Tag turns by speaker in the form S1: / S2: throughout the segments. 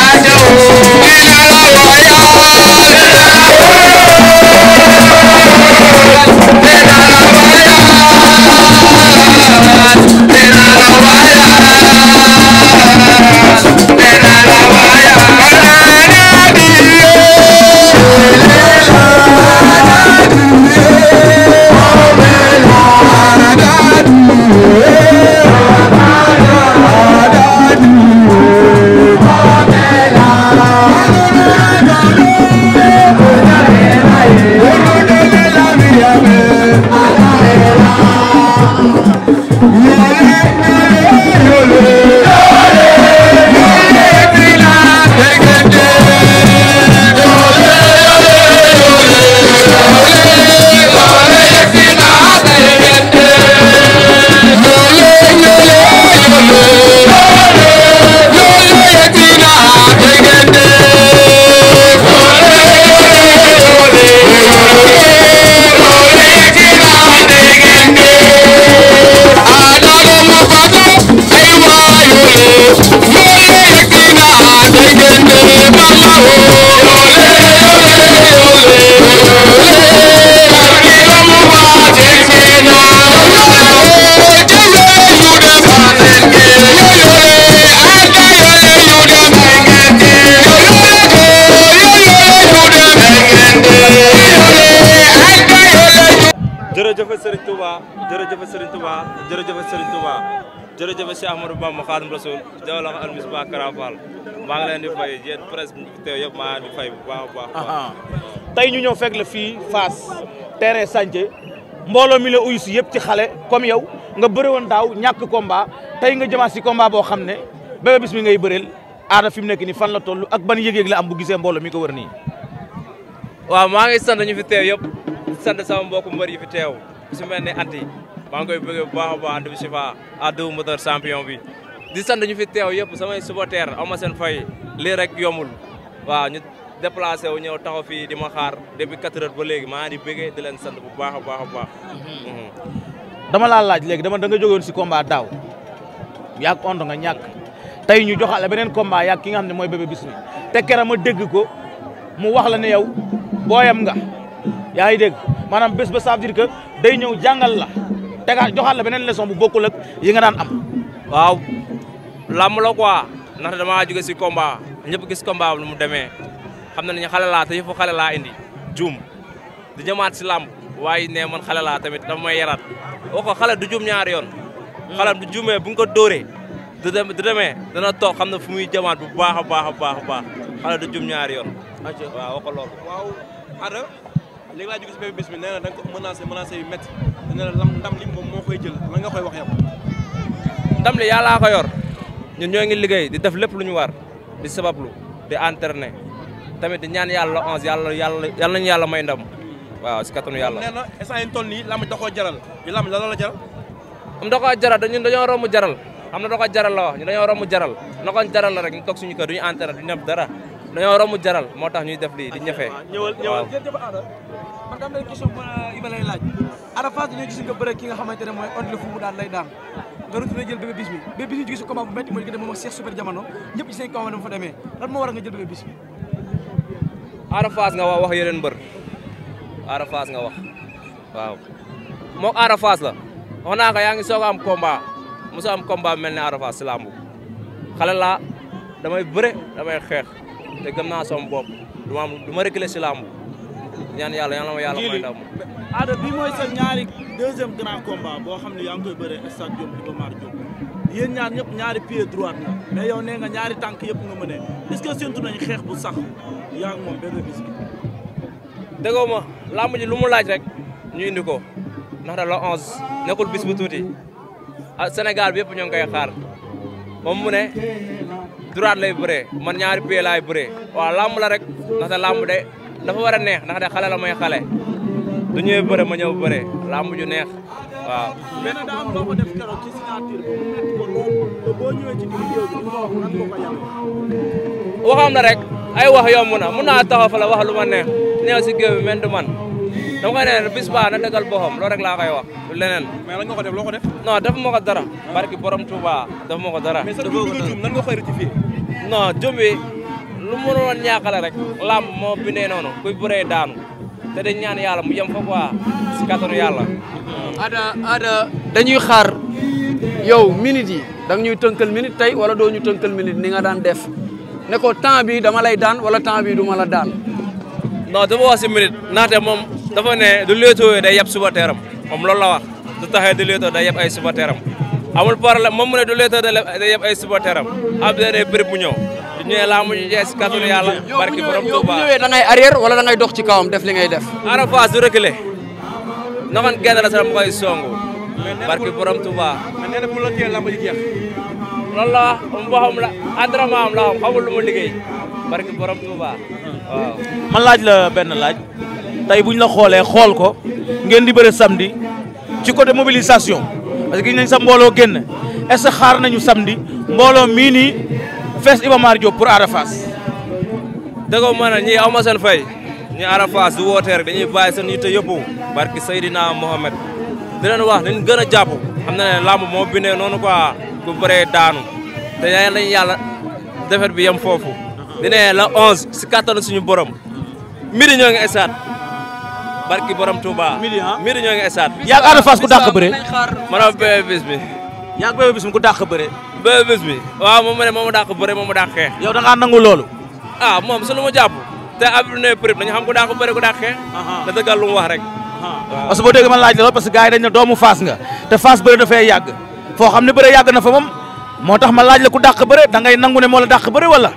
S1: daa
S2: jërëjëf Serigne Touba jërëjëf Serigne Touba jërëjëf si Ahmadou Bamba Xaadim Rasul Jawlax Al Misbah Karafal maa ngi leen di fay yéen presse teew yëpp maa ngi fay bu baax a
S1: baax. tey ñu ñëw fekk la fii Fass terrain Santhie mbooloo mi la uyu si yëpp ci xale comme yow nga bëri woon daaw ñàkk combat tey nga jëmaat si combat boo xam ne Bébé Bismi ngay bëreel aada fi mu nekk nii fan la toll ak ban yëg-yëg la am bu gisee mbooloo mi ko wër nii.
S2: waaw maa ngi sant ñu fi teew yëpp sant sama mbokku mbër su mel ne anti maa ngi koy bëggee bu baax a bi si fa à deux di sant ñu fi yëpp samay supporter am ma seen fay lii rek yombul waaw ñu déplacé wu ñëw taxaw fii di ma xaar depuis 4 heures ba léegi maa ngi bëggee di leen sant bu baax a baax a baax mhm.
S1: dama laa laaj léegi dama da nga jógoon si combat daaw yàgg Onde nga ñàkk tey ñu joxale beneen combat yàgg ki nga xam ne mooy Bébé Bismi te kera ma dégg ko mu wax la ne yow booyam nga yaa ngi dégg maanaam bés ba day ñëw jàngal la tegaat joxaat la beneen le leçon bu bokkul ak yi nga daan am.
S2: waaw làmb la quoi ndax damaa jóge si combat ñëpp gis combat lu mu demee xam na nañu xale laa te yëfu xale laa indi juum du jëmaat si làmb waaye ne man xale laa tamit dama may yaraat boo ko xale du juum ñaari yoon. Hmm. xale du juumee bu nga ko dóoree du dem du demee dana toog xam na fu muy jëmaat bu baax a baax a baax a baa xale du juum ñaari yoon. waaw wax ko loolu. waaw Ada léegi laa jóge si bébé bis bi nee na da nga ko menacé menacé yu métti te nee na ndam li moom moo koy jël lan nga koy wax yow. ndam li yàllaa ko yor ñun ñoo ngi liggéey di def lépp lu ñu war di sabablu di entraîner tamit di ñaan yàlla onze yàlla yàlla yàlla nañu yàlla may ndam waaw si kattanu yàlla. nee na instant yii toll nii lamb da koo jaral bi lamb la la jaral. am da koo jaral ñun dañoo romb jaral am na da koo jaral la wax ñu dañoo romb jaral na ko jaral la rek ñu toog suñu kër duñu entraîner duñu def dara dañoo romb jaral moo tax ñuy def lii di ñëfee. ñëwal ñëwal jërëjëf Ada man daa
S1: euh, nga bëre ki nga xamante ne mooy on le fu mu lay daan nga retourné jël bébé bis bi bébé bis bi jóge si combat bu métti mooy nga dem moom ak Cheikh Super Jamono ñëpp ci seen combat dama fa demee lan moo waral nga jël bébé bis bi
S2: Ada Fass nga wax wax yeneen mbër Ada Fass nga wax waaw mook Ada Fass la wax naa yaa ngi soog a am combat mosoo am combat mel ne Ada Fass si làmb xale laa te gëm naa sama bopp du ma am du ma reculer si làmb ñaan yàlla yàlla ma yàlla mooy ndam.
S1: Ada bi mooy sa ñaari deuxième grand combat boo xam ne yaa ngi koy bëree stade Diop Iba Mar Diop yéen ñaar ñëpp ñaari pied droit nga mais yow nee nga ñaari tànk yëpp nga mënee est-ce que séntu nañu xeex bu
S2: sax yaa ngi moom benn bis bi. déggoo ma làmb ji lu mu laaj rek ñu indi ko ndax da la 11 nekkul bis bu tuuti ah, bi yëpp ñoo ngi xaar moom ne. droite lay bëree man ñaari pied wa bëree waaw làmb la rek ndaxte làmb de dafa war a neex ndaxte xale la may xale du ñëwee bëre ma ñëw bëre làmb ju neex waaw. mais nag wax
S1: nan waxam
S2: na rek ay wax yomb na mun naa taxaw fa wax lu ma neex si géew bi mel dama koy ne bis baa na dëggal boppam loolu rek laa koy wax leneen. mais lan nga ko def loo ko def. non dafa ma ko dara. barki borom Touba dafa ma ko dara. mais sa dugub bi lan nga koy rectifier. non jom bi lu mu mënoon ñàkkale rek làmb moo bindee noonu kuy bëree daanu te dañ ñaan yàlla mu yem fa quoi si kattanu yàlla. ada ada dañuy xaar yow minutes yi da ñuy tënkal minute tey wala doo ñu tënkal minute ni nga daan def ne ko temps bi dama lay daan wala temps bi du ma la daan. non dama wax si minute naate moom. dafa ne du léetoo day yab supporteram moom loolu la wax du taxee du day yab ay supporteram amul problème moom mu ne du léetoo day yab ay supporteram ab day bëri bu ñëw du ñëwee laa mu jeex si kàttanu yàlla barki borom Tuuba bu ñëwee da ngay arrière wala da dox ci kawam def li ngay def Ada Fass du reculer noxon genn la sax mu koy songu barki borom Tuuba nee na bu la tee lamb ji jeex loolu la wax mu waxam la entraînement am la xam xamul lu mu liggéey borom Tuuba
S1: benn laaj tey bu ñu la xoolee xool ko ngeen di bëre samedi ci côté mobilisation parce que nañ sa mbooloo génn est-ce que xaar nañu samedi mbooloo mii nii fees Iba Mar Diop pour Ada Fass.
S2: dëgg ma ne ma seen fay ñu Ada Fass du wootee rek dañuy bàyyi seen yitte yëpp barki Seydina Mohamed di wax nañ gën a jàpp xam na ne làmb moo bindee noonu quoi ku bëree daanu te yàlla nañ defet bi yem foofu. di la 11 si kattanu suñu borom midi ñoo ngi esaat. barki borom Touba. midi ah midi ñoo ngi stade. yàgg ku dàq bëre. maanaam bébé bis bi. yàgg bébé bis bi ku dàq bëre. bébé bis bi waaw moom ma ne moom mu dàq bëre moom mu dàq xeex. yow da ngaa nangu loolu. a ah, moom su lu ma jàpp. te abdoulaye ne prib dañu xam ku dàq bëre ku dàq xeex. da dëggal lu wax rek.
S1: parce que ma laaj la loolu parce que gars ne doomu Fass nga te Fass bëre dafay yàgg foo xam ne bëre yàgg na fa moo tax ma laaj la ku dàq bëre da nangu ne moo la dàq bëre wala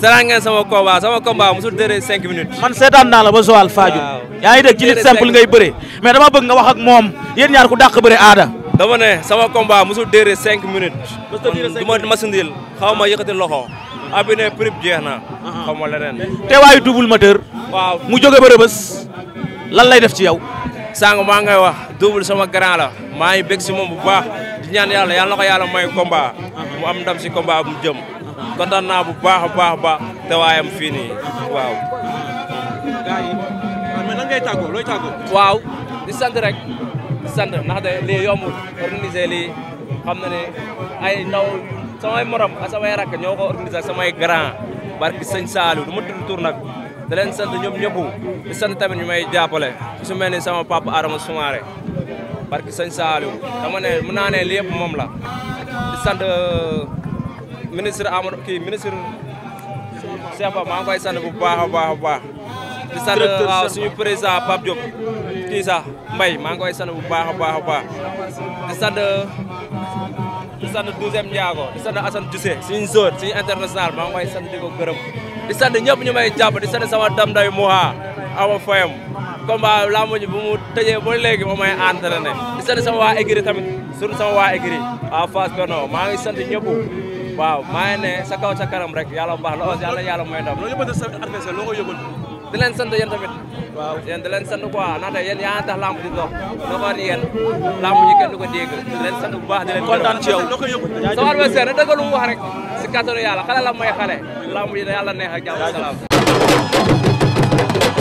S2: saraan ngeen sama combat sama combat musul déré cinq minutes man
S1: seetaan naa la ba Joal Fadiouth yaa ngi dégg ci nit simple ngay bëree mais dama bëgg nga wax ak moom yéen ñaar ku dàq bëre aada
S2: dama ne sama combat musul déré cinq minutes duma masindil xaw ma yëkkati loxo ah. abi ne prib jeex na ah, ah. xaw ma te
S1: teewaayu double moteur
S2: waaw mu jóge bëre bés lan lay def ci yow sàng maa ngay wax double sama grand la maa ngi bég si moom bu baax di ñaan yàlla yàlla na yàlla may combat mu am ndam si combat bu kontaan naa bu baax a baax ba te waayam fii nii waaw. gars yi mais nan looy tàggoo. waaw di sant rek di sant ndax de lii yombul organiser lii na ne ay ndaw samay morom ak samay rakk ñoo ko organiser samay grand barki sëñ Saalum du ma nag da leen sant ñoom ñëpp di sant tamit ñu may jàppale su sama papa Adama Soumaré barki sañ Saalum dama ne mën naa ne lii moom la di sant. ministre Amadou kii ministre Cheikh Ba maa ngi koy sant bu baax baax a baax. di sant waaw ah, suñu président Pape Diop kii sax maa ngi koy sant bu baax a baax a baax di sant di sant douzième Ndiago di sant Assane Dussé suñu zone suñu maa ngi koy sant di gërëm. di sant ñëpp ñu may jàpp di sant sama dam day Mouha Awa Fayam combat laa mujj bu mu tëjee ba léegi moom may entraîné di sant sama waa écurie tamit surtout sama waa écurie à Fass Perno maa ngi sant waaw maa ngi ne sa kaw sa kanam rek yàlla bu baax la os yàlla yàlla mooy ndam. loo yóbbante sa adversaire loo ko yóbbal. di leen sant yéen tamit. waaw yéen di leen sant quoi ndaxte yéen yaa ngi tax lamb di dox dafa ni yéen lamb ko dégg di leen sant bu baax di leen kontaan ci yow sama adversaire na dëgg lu rek si kattanu yàlla xale la mooy xale lamb yi yàlla neex ak jàmm salaam